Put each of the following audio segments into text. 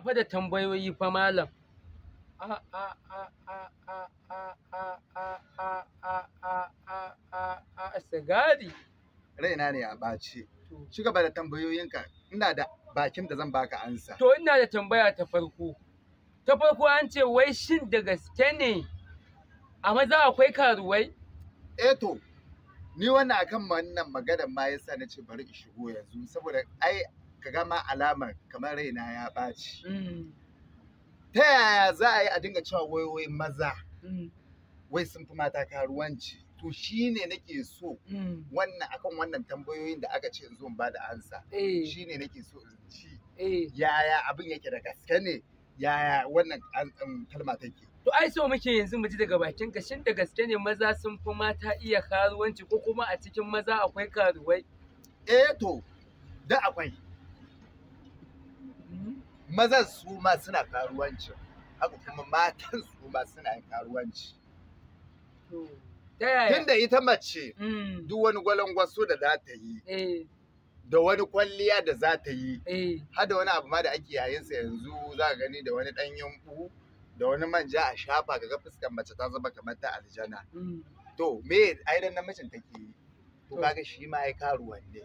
fa da tambayoyi fa malam a sigari raina ne a ɓace. ci gaba da tambayoyinka ina da bakin da zan baka ansa to ina da tambaya ta farko ta farko an ce wai shin da gaske ne a maza akwai karuwai eh to ni wannan akan wannan maganar ma yasa na ce bari in shigo yanzu saboda ai ka gama alamar kamar raina ya ɓaci mm. ta yaya za a yi a dinga cewa wai wai maza mm. wai sun fi mata karuwanci to shi ne nake so mm. wannan akan wannan tambayoyin da aka ce in zo ba da ansa eh. shi ne nake so in ci eh. yaya abin yake da gaske ne yaya wannan kalma take to ai so muke yanzu mu ji daga bakin ka shin da gaske ne maza sun fi mata iya karuwanci ko kuma a cikin maza akwai karuwai eh to da akwai mazan su ma suna karuwanci haka kuma matan su ma suna karuwanci tunda ita mace mm. duk wani gwalangwaso da za ta yi eh. da wani kwalliya da za ta yi eh. har da wani abu ma da ake yayin sa yanzu za ka gani da wani dan yambu da wani manja a shafa ga fuskar mace ta zama kamar ta aljana mm. to me aidan namijin take yi to kaga shi ma ya karuwan ne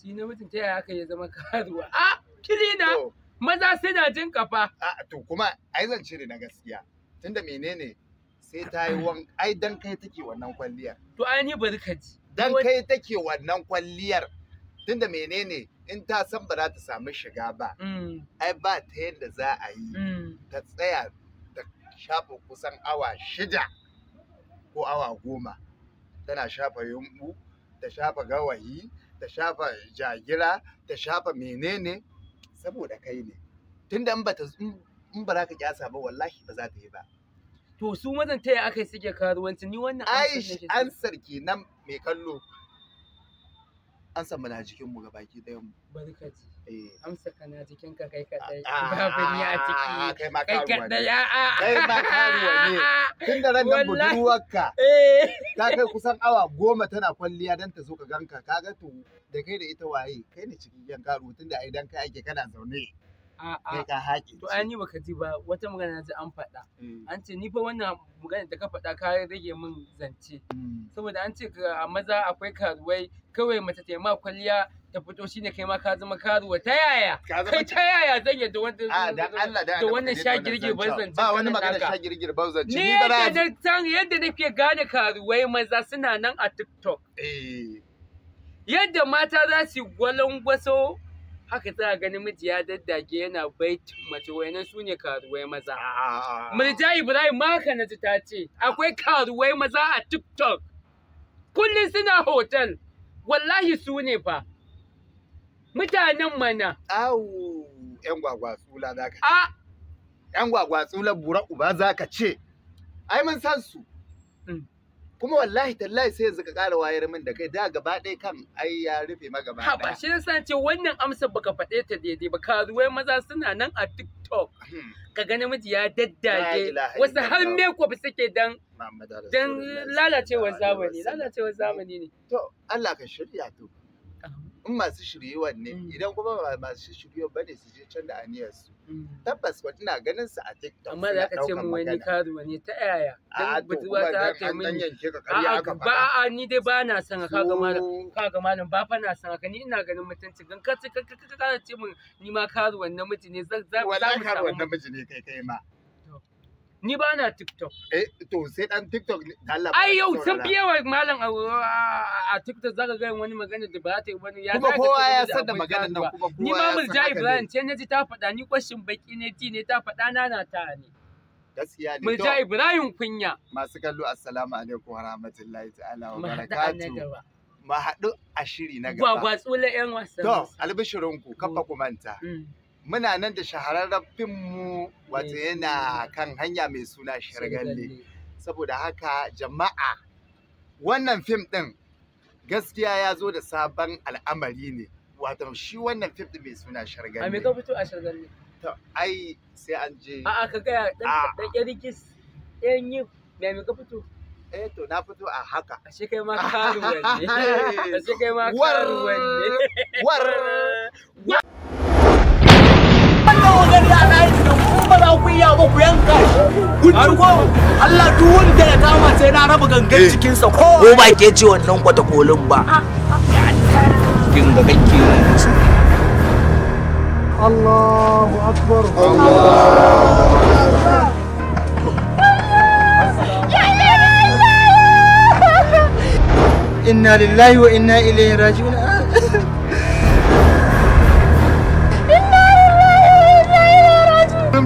shi namijin ta yaya aka ya zama karuwa ah kiri na maza suna jin kafa a to kuma ai zan cire na gaskiya tunda menene sai ta yi wan ai dan kai take wannan kwalliyar to ai ni bari ka ji dan kai take wannan kwalliyar tunda menene in ta san ba za ta samu shiga ba mm. ai ba ta yadda za a yi mm. ta tsaya ta shafa kusan awa shida ko awa goma tana shafa yumbu ta shafa gawayi ta shafa jagira ta shafa menene saboda kai ne tunda in bata in ba za ka kyasa ba wallahi ba za ta yi ba to su mazan taya aka yi suke karuwanci ni wannan ansar nan mai kallo an samu na jikin mu gabaki ɗayan mu Barkati. eh amsa na jikin ka kai kadai ah, babu ni a ciki ah, ah, kai ma karuwa ne kai ma karuwa ne tun da ran nan budurwarka eh. ta kai kusan awa goma tana kwalliya dan ta zo ka ganka ka ga to da kai da ita waye kai ne cikin yan karuwa tun da ai dan kai ake kana zaune kai ka haƙi to ai ni baka ji ba wata magana ta an faɗa mm. an ce ni fa wannan magana da ka faɗa ka rage min zance mm. saboda an ce a maza akwai karuwai kawai mata ta kwalliya ta fito shine kai ma ka zama karuwa ta yaya kai ta yaya zan yadda wanda da Allah da wannan shagirgir ban zance ba wani magana shagirgir ban zance ni yadda na san yadda nake gane karuwai maza suna nan a TikTok eh. yadda mata za su gwalangwaso haka za ga namiji ya daddage yana bait mace wainan su ne karuwai maza. Ah. Murja Ibrahim maka na ji ta ce akwai karuwai maza a TikTok. Kullum suna hotel. Wallahi su ne fa. Mutanen mana. Awu, ‘yan gwagwatsula za ka ce. ‘Yan gwagwatsula bura uba za ka ce. Ai mun san su. Mm. kuma wallahi tallahi sai yanzu ka ƙara wayar min da kai da gaba ɗaya kan ai ya rufe ma gaba ɗaya. Haba shi yasa ce wannan amsar baka faɗe ta daidai ba karuwai maza suna nan a TikTok. Hmm. Ka ga namiji ya daddage wasu har makeup suke dan dan lalacewar zamani lalacewar zamani ne. To Allah ka shirya to. in masu shiryewan ne mm. idan kuma ba masu shiryewan ba ne su je can da aniyar su mm. tabbas ba tana ganin su a tiktok amma da aka ce mu wani kazu ne ta yaya dan ah, buduwa ta ake min a ba a ni dai ba na san ka ga malam ka ga malam ba fa na san haka ni ina ganin mutunci gan ka ka ka ce min ni ma kazu wannan miji ne zan zan wallahi kazu wannan miji ne kai kai ma Ni ba na TikTok. Eh, to sai dan TikTok da Allah. Ai yau sun fi yawa malam a TikTok zaka ga wani magana da ba ta yi wani ya Kuma kowa ya san da maganar nan kuma kowa. Ni ma Jai Ibrahim ce naji ta faɗa ni question baki ne ti ne ta faɗa na na ta ne. gaskiya ne Jai Ibrahim kunya masu kallo assalamu alaikum wa rahmatullahi ta'ala wa barakatuh mu haɗu a shiri na gaba gwagwatsu la yan wasan to albishirinku kafa ku manta mm. muna nan da shahararren fim mu wato yana kan hanya mai suna shirgalle saboda haka jama'a wannan fim ɗin gaskiya ya zo da sabon al'amari ne wato shi wannan fim ɗin mai suna shirgalle a me ka fito a shirgalle to ai sai an je a'a ka ga dan kirkis yan yi me me ka fito eh to na fito a haka ashe kai ma karuwan ne ashe kai ma karuwan ne war war yanka ba ku yanka kun ko Allah duk wanda ya kama sai na raba gangan cikinsa eh. ko ko ba ke ce wannan kwata kolin ba ah, ah. kin ga kake Allahu akbar Allahu akbar inna lillahi wa inna ilaihi raji'un ah.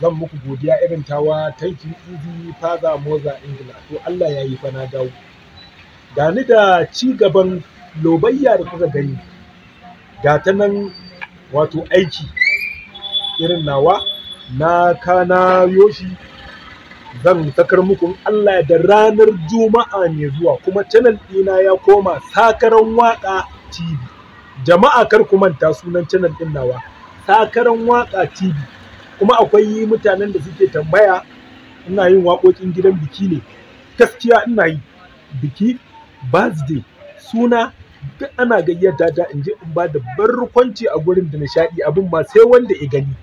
zan muku godiya irin tawa tanki izi faza moza ingila to allah ya yi fana na dawo ni da ci gaban lobayya da kuka gani ga ta nan wato aiki irin nawa na kana yoshi zan sakar muku allah da ranar juma'a ne zuwa kuma channel ɗina ya koma sakaran waka tv jama'a kar ku manta sunan channel ɗin nawa sakaran waƙa tv kuma akwai mutanen da suke tambaya ina yin waƙoƙin gidan biki ne gaskiya ina yi biki birthday suna duk ana gayyata ta in je in ba da barkwanci a gurin da nishaɗi abin ma sai wanda ya gani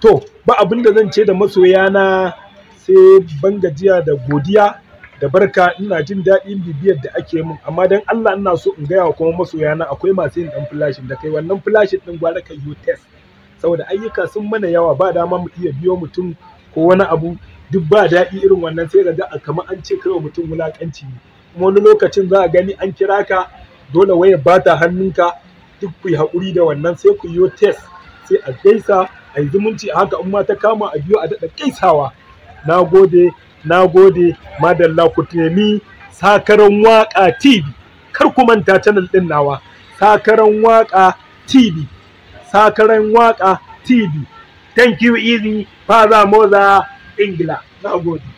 to ba abin da zan ce da masoya na sai ban gajiya da godiya da barka ina jin daɗin bibiyar da ake min amma dan Allah ina so in gaya wa kuma masoya na akwai masu yin dan flashin da kai wannan flashin din gwara kai yo test saboda ayyuka sun mana yawa ba dama mu iya biyo mutum ko wani abu duk ba daɗi irin wannan sai ga a kamar an ce kai wa mutum wulaƙanci ne kuma wani lokacin za a gani an kira ka dole waya ba ta hannunka duk ku yi haƙuri da wannan sai ku yi test sai a gaisa a yi zumunci a haka in ma ta kama a biyo a daɗa gaisawa na gode na gode madalla ku nemi sakaran waƙa tv kar ku manta channel ɗin nawa sakaran waƙa tv sakaran waka tv thank you easy father moza ingila na gode